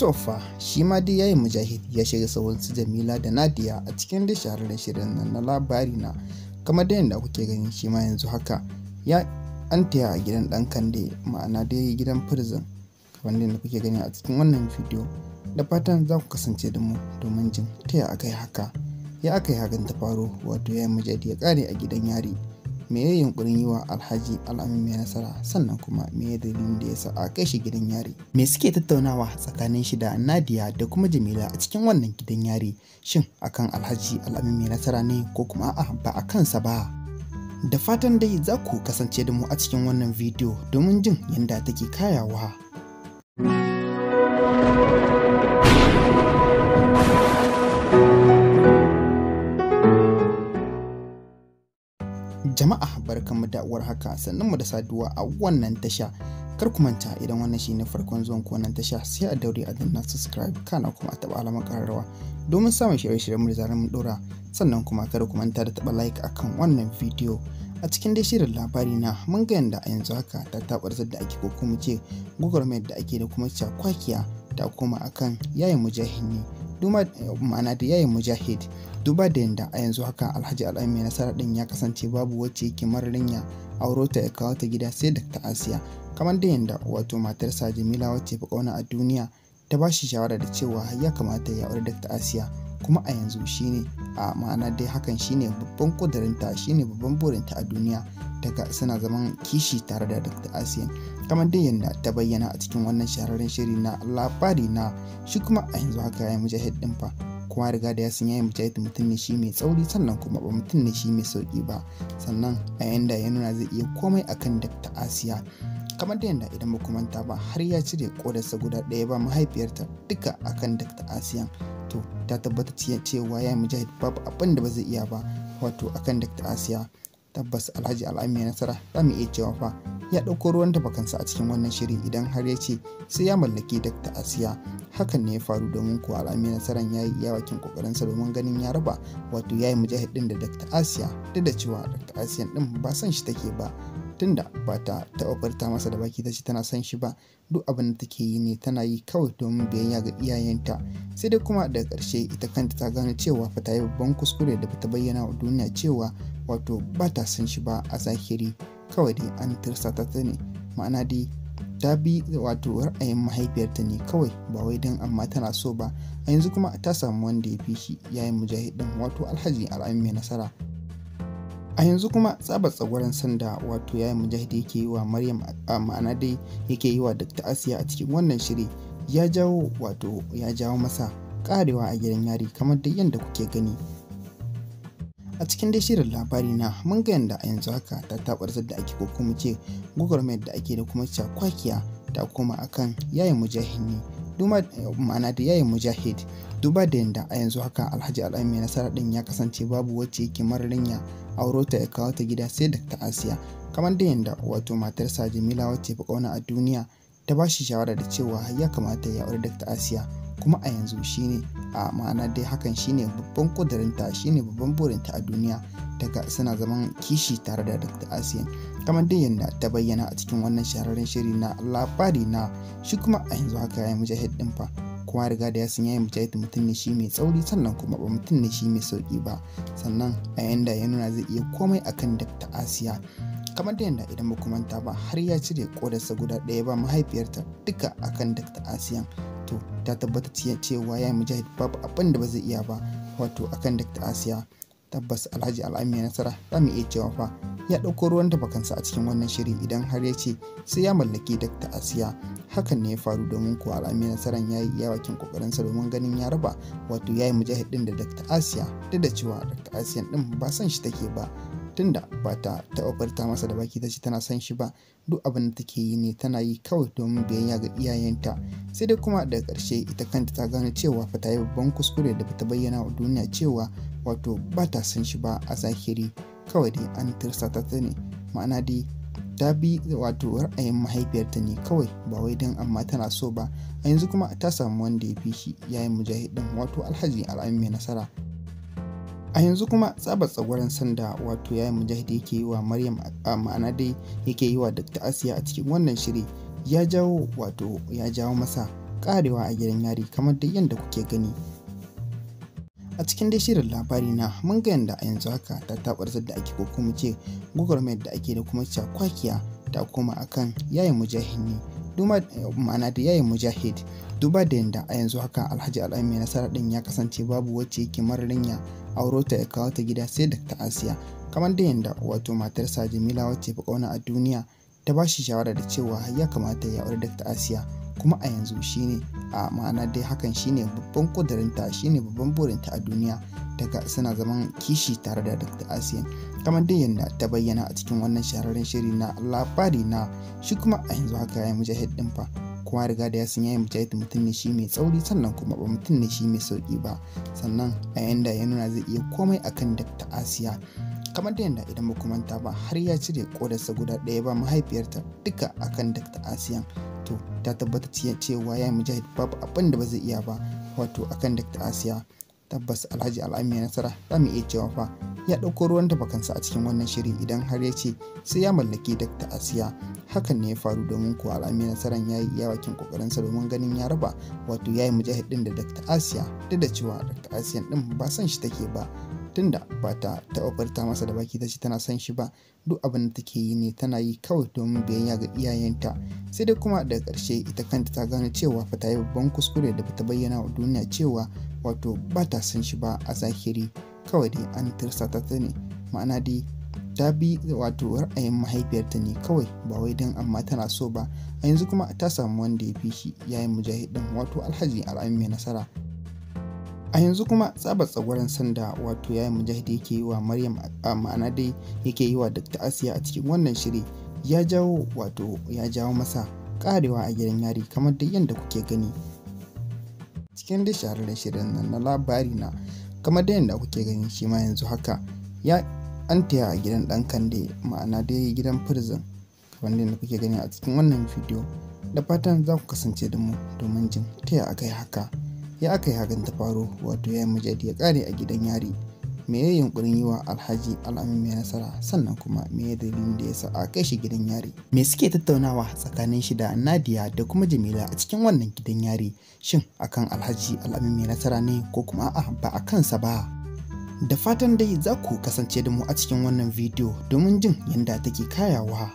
Toffa shi ma dai yayin mujahid ya shiga sahun su Jamila da nadia a cikin da shahararren shirin nan na labari na kamar da yadda kuke gani shi ma yanzu haka ya an taya a gidan dan kande ma'ana dai gidan prison kamar da kuke gani a cikin wannan bidiyo da fatan za ku kasance da mu domin jin taya aka yi haka ya aka yi hakan ta faro wato yayin mujahid ya kare a gidan yari. me ya yunkurin yi wa alhaji al'amin mai nasara sannan kuma me ya dalilin da ya sa a kai shi gidan yari me suke tattaunawa tsakanin shi da nadiya da kuma jamila a cikin wannan gidan yari shin akan alhaji al'amin mai nasara ne ko kuma a ba a kansa ba da fatan dai za ku kasance da mu a cikin wannan bidiyo domin jin yadda take kayawa. Jama'a barkanmu da uwar haka sannan mu da saduwa a wannan tasha. Kar ku manta idan wannan ne farkon zuwan ku wannan tasha sai a daure a danna subscribe kana kuma a taba alamar kararrawa domin samun shirye-shiryen mu da zarar mun dora sannan kuma kar ku manta da taba like akan wannan bidiyo. a cikin dai shirin labari na mun ga yanda a yanzu haka ta tabar da ake ko kuma ce gwagwarmayar da ake da kuma cakwakiya ta koma akan yayin mujahid ne ma'ana da yayin mujahid duba da yadda a yanzu haka alhaji al'ami mai nasara din ya kasance babu wacce yake mararin ya auro ta ya kawo ta gida sai da ta asiya kamar da yadda wato matarsa jamila wacce fi kauna a duniya ta ba shi shawara da cewa ya kamata ya aure da ta asiya kuma a yanzu shine a ma'ana dai hakan shine babban kudurinta shine babban burinta a duniya daga suna zaman kishi tare da dr asiyan kamar dai yadda ta bayyana a cikin wannan shahararren shiri na labari na shi kuma a yanzu haka ya mujahid din fa kuma riga da ya san yayin mujahid mutum ne shi mai tsauri sannan kuma ba mutum ne shi mai sauki ba sannan a yanda ya nuna zai iya komai akan dr asiya kamar da yadda idan ba ba har ya cire kodarsa guda ɗaya ba mahaifiyarta duka akan dr asiyan wato ta tabbata cewa ya yi mujahid babu abin da ba zai iya ba wato akan Dr. Asiya tabbas Alhaji Al'ami nasara za mu iya cewa fa ya ɗauko ruwan tafakansa a cikin wannan shiri idan har ya ce sai ya mallaki Dr. Asiya hakan ne ya faru domin ko Al'ami nasaran ya yi yawakin kokarinsa domin ganin ya raba wato ya yi mujahid ɗin da Dr. Asiya duk da cewa Dr. Asiya ɗin ba son shi take ba tunda ba ta taɓa furta masa da baki ta ce tana son shi ba duk abin da take yi ne tana yi kawai domin biyayya ga iyayenta sai dai kuma daga ƙarshe ita kanta ta gane cewa fa ta yi babban kuskure da ta bayyana wa duniya cewa wato ba ta son shi ba a zahiri kawai dai an tirsata ta ne ma'ana dai ta bi wato ra'ayin mahaifiyarta ne kawai ba wai don amma tana so ba a yanzu kuma ta samu wanda ya fi shi yayin mujahid wato alhaji mai nasara a yanzu kuma tsaba tsagwaren sanda wato yayin mujahidi yake yi wa maryam a ma'ana dai yake yi wa dr asiya a cikin wannan shiri ya jawo wato ya jawo masa karewa a gidan yari kamar da yadda kuke gani a cikin dai shirin labari na mun ga yadda a yanzu haka ta tabar da ake ko kuma ce gwagwarmayar da ake da kuma cakwakiya ta koma akan yayin mujahid ne ma'ana da yayin mujahid duba da yadda a yanzu haka alhaji mai nasara din ya kasance babu wacce yake mararinya auro ta ya kawo ta gida sai da Asiya kamar da yadda wato matarsa Jamila wacce fa kauna a duniya ta ba shi shawara da cewa ya kamata ya aure da Asiya kuma a yanzu shine a ma'ana dai hakan shine babban kudurinta shine babban burinta a duniya daga suna zaman kishi tare da Dr. Asiya kamar dai yadda ta bayyana a cikin wannan shahararren shiri na labari na shi kuma a yanzu haka ya yi mujahid din fa kowa riga da ya san yayin mujahid mutum ne shi mai tsauri sannan kuma ba mutum ne shi mai sauki ba sannan a yanda ya nuna zai iya komai akan dakta asiya kamar da yanda idan baku manta ba har ya cire kodarsa guda ɗaya ba mahaifiyarta duka akan dakta asiya to ta tabbata cewa yayin mujahid babu abin da ba zai iya ba wato akan dakta asiya tabbas alhaji al'ami nasara za mu iya cewa fa ya ɗauko ruwan da bakansa a cikin wannan shiri idan har ya ce sai ya mallaki dakta asiya hakan ne ya faru domin kuwa al'ami nasaran ya yi yawakin kokarin kokarinsa domin ganin ya raba wato ya yi mujahid da dr asiya duk da cewa dr asiya din ba son shi take ba tunda ba ta taɓa furta masa da baki ta ce tana san shi ba duk abin da take yi ne tana yi kawai domin biyayya ga iyayenta sai dai kuma da karshe ita kanta ta gane cewa fa ta yi babban kuskure da ta bayyana wa duniya cewa wato ba ta son shi ba a zahiri kawai dai an tirsata ta ne ma'ana dai ta bi wato ra'ayin mahaifiyarta ne kawai ba wai don amma tana so ba a yanzu kuma ta samu wanda ya fi shi yayin mujahidin wato alhaji al'amin mai nasara a yanzu kuma tsaba tsagwaron sanda wato yayin mujahidi yake yi wa maryam ma'ana dai yake yi wa dr asiya a cikin wannan shiri ya jawo wato ya jawo masa karewa a gidan yari kamar da yadda kuke gani a cikin dai shirin labari na mun ga yanda a yanzu haka ta tabarzar da ake ko kuma ce mai da ake da kuma cakwakiya ta koma akan yayin mujahid ne ma'ana da yayin mujahid duba da yanda a yanzu haka alhaji mai nasara din ya kasance babu wacce yake mararin ya auro ta ya kawo ta gida sai da ta asiya kamar da yanda wato matarsa jamila wacce fa kauna a duniya ta ba shi shawara da cewa ya kamata ya aure da ta asiya kuma a yanzu shine a ma'ana dai hakan shine babban kudurinta shine babban burinta a duniya daga suna zaman kishi tare da dr asiyan kamar dai yadda ta bayyana a cikin wannan shahararren shiri na labari na shi kuma a yanzu haka ya yi mujahid din fa Kuma riga da ya san yayi mujahid mutum ne shi mai tsauri sannan kuma ba mutum ne shi mai sauki ba sannan a yanda ya nuna zai iya komai akan dr asiya kamar da yadda idan ba ba har ya cire kodarsa guda ɗaya ba mahaifiyarta duka akan dr asiyan ta tabbatar cewa ya mujahid babu abin da ba zai iya ba wato akan Dr. Asiya tabbas Alhaji Al'ami Nasara za mu iya cewa fa ya ɗauko ruwan da bakansa a cikin wannan shiri idan har ya ce sai ya mallaki Dr. Asiya hakan ne ya faru domin kuwa Al'ami Nasaran ya yi iyawakin kokarin kokarinsa domin ganin ya raba wato ya yi mujahid ɗin da Dr. Asiya duk da cewa Dr. Asiya ɗin ba son shi take ba tunda ba ta taɓa furta masa da baki ta ce tana son shi ba duk abin da take yi ne tana yi kawai domin biyayya ga iyayenta sai dai kuma daga ƙarshe ita kanta ta gane cewa fa ta yi babban kuskure da ta bayyana wa duniya cewa wato ba ta son shi ba a zahiri kawai dai an tirsata ta ne ma'ana dai ta bi wato ra'ayin mahaifiyarta ne kawai ba wai don amma tana so ba a yanzu kuma ta samu wanda ya fi shi yayin mujahidin wato alhaji al'ami mai nasara a yanzu kuma tsaba tsagwaron sanda wato yayin mujahidi yake yi wa maryam ma'ana dai yake yi wa dr asiya a cikin wannan shiri ya jawo wato ya jawo masa karewa a gidan yari kamar da yadda kuke gani cikin da shahararren shirin nan na labari na kamar da yadda kuke gani shi ma yanzu haka ya an taya a gidan dan kande ma'ana dai gidan prison kamar da kuke gani a cikin wannan bidiyo da fatan za ku kasance da mu domin jin taya aka yi haka ya aka yi hakan ta faru wato ya majadi ya kare a gidan yari me ya yunkurin yi wa alhaji al'amin mai nasara sannan kuma me ya dalilin da ya sa a kai shi gidan yari me suke tattaunawa tsakanin shi da nadiya da kuma jamila a cikin wannan gidan yari shin akan alhaji al'amin mai nasara ne ko kuma a ba a kansa ba da fatan dai za ku kasance da mu a cikin wannan bidiyo domin jin yadda take kayawa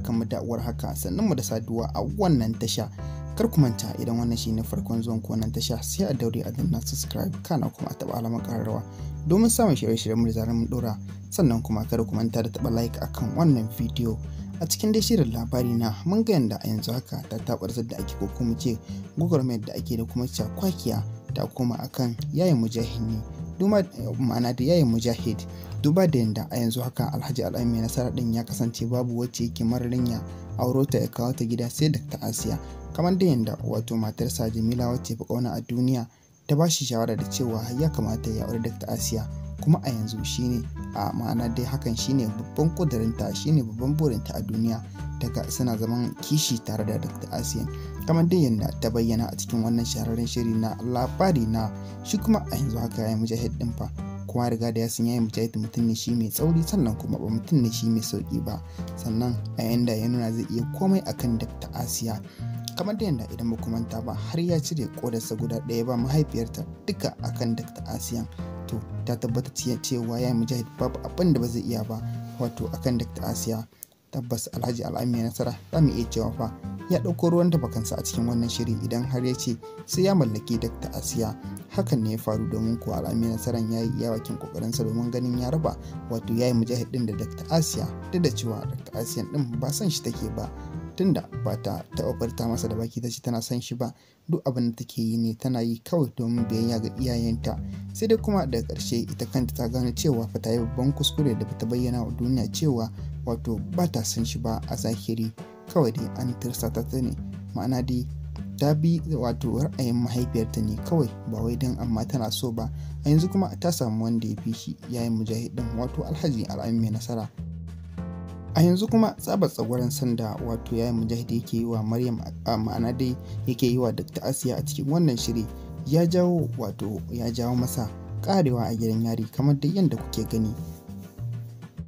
barkanmu da uwar haka sannan mu da saduwa a wannan tasha kar ku manta idan wannan shi ne farkon zuwan ku wannan tasha sai a daure a danna subscribe kana kuma a taba alamar kararrawa domin samun shirye-shiryen mu da zarar mun dora sannan kuma kar ku manta da taba like akan wannan bidiyo a cikin dai shirin labari na mun ga yanda a yanzu haka ta tabar da ake ko kuma ce Map da ake da kuma cakwakiya ta koma akan yayin mujahid ne ma'ana da yayin mujahid duba da yanda a yanzu haka alhaji al'ammi nasara din ya kasance babu wacce yake mararin ya auro ta ya kawo ta gida sai da ta asiya kamar da yanda wato matarsa jamila wacce fi kauna a duniya ta ba shi shawara da cewa ya kamata ya auri da ta asiya kuma a yanzu shi ne, a ma'ana dai hakan shi ne babban kudurinta ne babban burinta a duniya daga suna zaman kishi tare da dr asiyan kamar dai yadda ta bayyana a cikin wannan shahararren shiri na labari na shi kuma a yanzu haka ya mujahid din fa kuma riga da ya san yayin mujahid mutum ne shi mai tsauri sannan kuma ba mutum ne shi mai sauki ba sannan a yanda ya nuna zai iya komai akan dr asiya kamar da yadda idan ba manta ba har ya cire kodarsa guda ɗaya ba mahaifiyarta duka akan dr asiyan ta tabbata cewa ya mujahid babu abin da ba zai iya ba wato akan dr asiya tabbas alhaji al'ami ya nasara za mu iya cewa fa ya ɗauko ruwan da bakansa a cikin wannan shiri idan har ya ce sai ya mallaki dr asiya hakan ne ya faru domin ko al'ami nasaran ya yi iyawakin kokarinsa domin ganin ya raba wato ya yi mujahid din da dr asiya duk da cewa dr asiya din ba san shi take ba tunda ba ta taɓa furta masa da baki ta ce tana son shi ba duk abin da take yi ne tana yi kawai domin biyayya ga iyayenta sai dai kuma da ƙarshe ita kanta ta gane cewa fa ta yi babban kuskure da ta bayyana wa duniya cewa wato ba ta son shi ba a zahiri kawai dai an tirsata ta ne ma'ana dai ta bi wato ra'ayin mahaifiyarta ne kawai ba wai don amma tana so ba a yanzu kuma ta samu wanda ya fi shi yayin mujahidin wato alhaji al'ami mai nasara a yanzu kuma tsabar tsagwaron sanda wato yayin mujahid yake yi wa maryam ma'ana dai yake yi wa dr asiya a cikin wannan shiri ya jawo wato ya jawo masa karewa a gidan yari kamar da yadda kuke gani